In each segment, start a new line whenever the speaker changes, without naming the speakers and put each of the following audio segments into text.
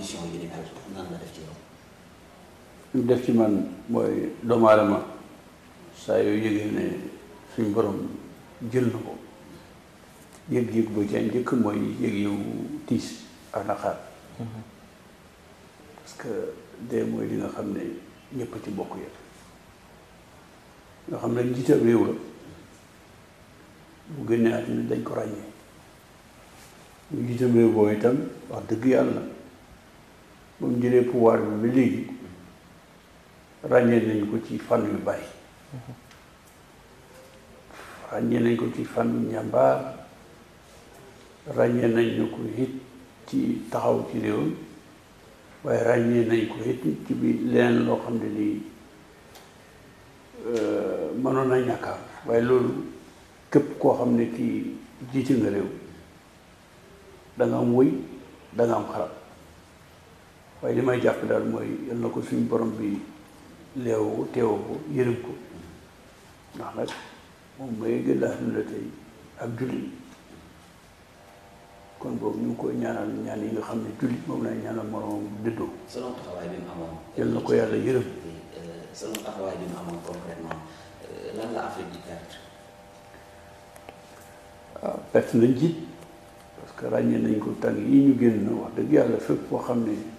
condition yu ni def ci yow. ñu def ci man mooy doomu aadama saa yooyu yëgee ne suñ borom jël na ko yëg-yëg bu ca njëkk mooy yëg yu tiis ak naqar mhm. parce que dee li nga xam ne ñëpp ci bokk yëpp nga xam ne njiitam réew la bu génnee àddina dañ ko ràññee njiitam réew boobu itam wax dëgg yàlla ba mu jëlee pouvoir bi ba léegi ràññee nañ ko ci fan yu bari ràññee nañ ko ci fànn njàmbaar ràññee nañ ko it ci taxaw ci réew mi waaye ràññee nañ ko it ci bi leneen loo xam ne lii euh, mënoon na ñàkkaar waaye loolu képp koo xam ne kii jiite nga réew da am wëy da am xalaat waaye li may jàpp daal mooy yal na ko suñu borom bi leewu teewu ko yërëm ko ndax nag moom mooy gën laa dund tey ak jullit kon ñu ngi koy ñaanal ñaan yi nga xam ne jullit moom lay ñaanal moroom dëddoo. selon taxawaay yal na ko yàlla yërëm. Euh, selon taxawaay bi mu amoon concrètement euh, lan la Afrique di waaw ah, perte nañ ci parce ràññee nañ ko tàng yi ñu génn wax dëgg yàlla fépp foo xam ne.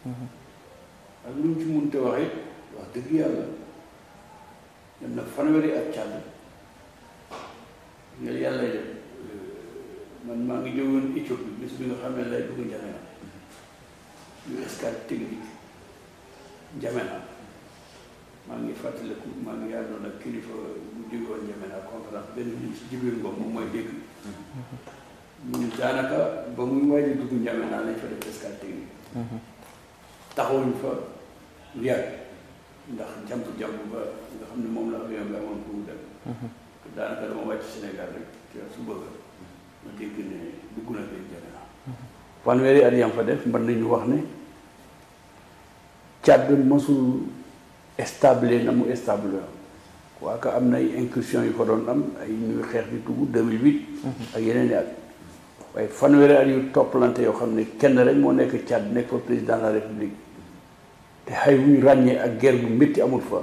Mm-hmm. ak lu mu ci munte waxee wax dëgg yàlla dem na fanweeri ak càll nga yàlla yëpp euh, man maa ngi jógoon Éthiopie bis bi nga xam ne lay dugg N'Djamena ñu escale ngi fàttaliku maa ngi kilifa bu jógoon N'Djamena conférence benn mm-hmm. lañ fa def escale technique mm-hmm. taxawuñ fa yàgg ndax jàmp-jàmp ba nga xam ne moom la avion bi amoon pour mu dem mhm. daanaka dama wàcc Sénégal rek te su ma dégg ne dugg na leen jënd na fanweeri at fa def mën nañu wax ne Tchad mosul stable na mu stable waa que am na ay incursion yu fa doon am ay ñuy xeex di tugu 2008 ak yeneen i at waaye fanweeri at yu toppalante yoo xam ne kenn rek moo nekk Tchad nekk fa président la république te xay bu ñu ràññee ak guerre bu métti amul fa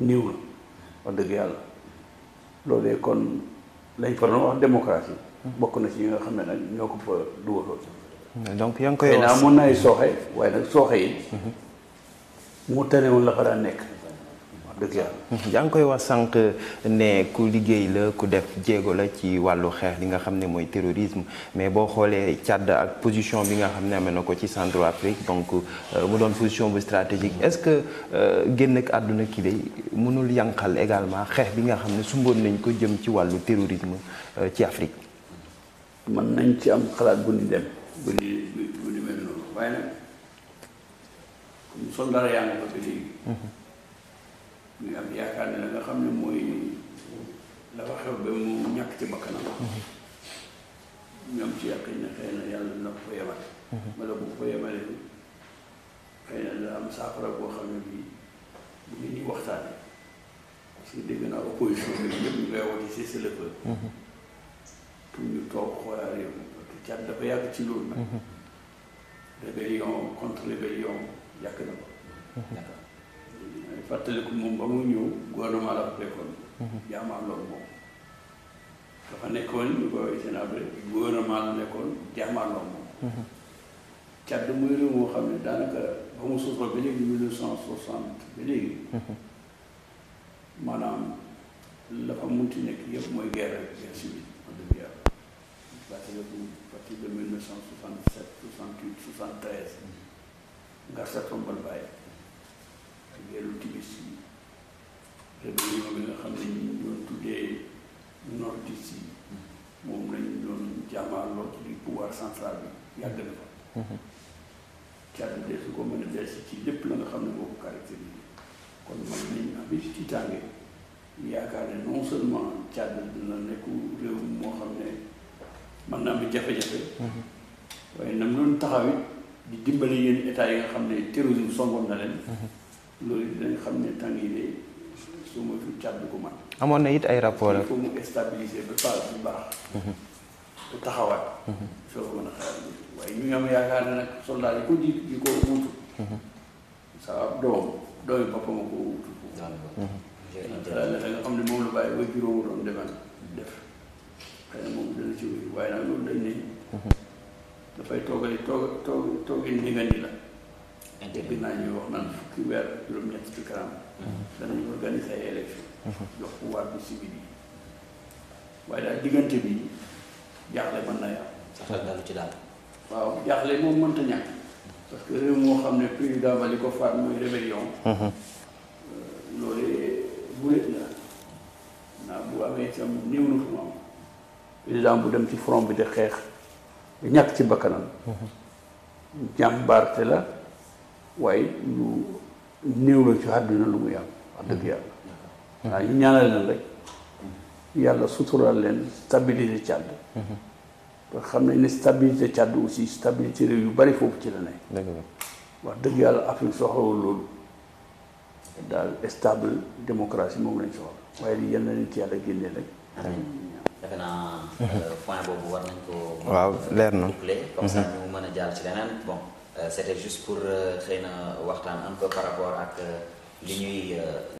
niw na wax dëgg yàlla loolu de kon lañ fa doon wax démocratie bokk na ci nga xam ne nag ñoo ko fa dugaloo. donc yaa ngi koy wax naa mun naay sooxe waaye nag sooxe yi. mu tane woon la fa daan nekk. dëgg yàlla. yaa ngi koy wax sànq ne ku liggéey la ku def jéego la ci wàllu xeex li nga xam ne mooy terrorisme mais boo xoolee càdd ak position bi nga xam ne amee na ko ci Centrafrique donc euh, mu doon position bu stratégique est-ce que euh, génn ak àdduna kii day mënul yànqal egalement xeex bi nga xam ne sumboon nañ ko jëm ci wàllu terrorisme euh, ci Afrique. mën nañ ci am xalaat bu dem. bu ni mel noonu waaye nag comme soldat yaa ngi ko ba léegi. Mhm. ñu am yaakaar ne la nga xam ne mooy la fa xew ba mu ñàkk ci bakkanam ñoom ci yàq ne xëy na yàlla na ko yemal wala bu ko yemalee xëy na la am saafara boo xam ne bii bu nit ñi waxtaane parce que dégg naa opposition bi ñëpp ñu koy woote c'est le peuple pour ñu toog xoolaa réew mi parce que cat dafa yàgg ci loolu nag rébellion contre rébellion yàq na ko fàttaliku moom ba mu ñëw gouvernement la fekkoon. jaamaar loolu moom. dafa nekkoon ñu koy waxee seen abré gouvernement la nekkoon jaamaar loolu moom. Càdd muy réew moo xam ne daanaka ba mu suufoo ba léegi mille neuf ba léegi. maanaam la fa munti nekk yëpp mooy guerre guerre civile wax dëgg yàlla. fàttaliku partir de mille cent soixante sept soixante huit soixante treize. Ngarsa Tombal Baye. weeru tibis yi réunion bi nga xam ne ñu ñoo tuddee nordis yi moom lañu doon jaamaarloo ci pouvoir central bi yàgg na fa mhm. càdd de su ko mën a des ci lépp la nga xam ne moo ko caractérisé kon man nañ am ci tiitaange yaakaar ne non seulement Tchad dina nekk réew moo xam ne mën naa am jafe-jafe mhm. waaye nam noonu taxawit di dimbale yenn état yi nga xam ne terrorisme songoon na leen mhm. loolu dinañ xam ne tàng yi de su ma fi càddu ko man amoon na it ay rapport il faut mu stabiliser ba pare bu baax mhm. bu taxawaat mhm. soo ko mën a xalaat waaye ñu yi ko di di ko wutu mhm. doom doomi boppam ko wutu daal la nga xam ne moom la bàyyi ba juróomu doon demal def xëy na moom dana ci wéy waaye nag loolu dañ ne dafay ni nga ni la naa ñu wax naan fukki weer juróom-ñett ci kanam mhm. danañu organiser ay élection mhm. jox pouvoir bi civil yi waaye daal diggante bi jaaxle mën na yàq saxal dalu ci daal waaw jaaxle moom mënta ñàkk parce que moo xam ne président ba li ko faat mooy rébellion mhm. euh, loolu bulet la naa bu amee itam néew na fu mu am bu dem ci front bi di xeex ñàkk ci bakkanam jàmbaarte la waaye lu néew la ci àdduna lu mu dëgg yàlla waaw ñu ñaanal leen rek yàlla suturaal leen stabilité Tchad te xam nañ ne stabilité Tchad aussi stabilité yu bari foofu ci la nekk wax dëgg yàlla Afrique soxlawul loolu daal stable démocratie moom lañ soxla waaye li yal na leen ci yàlla génne rek euh, waaw leer na comme mhm. mën a jaar Euh, c'était juste pour euh, xëy na waxtaan un peu par rapport ak euh, li ñuy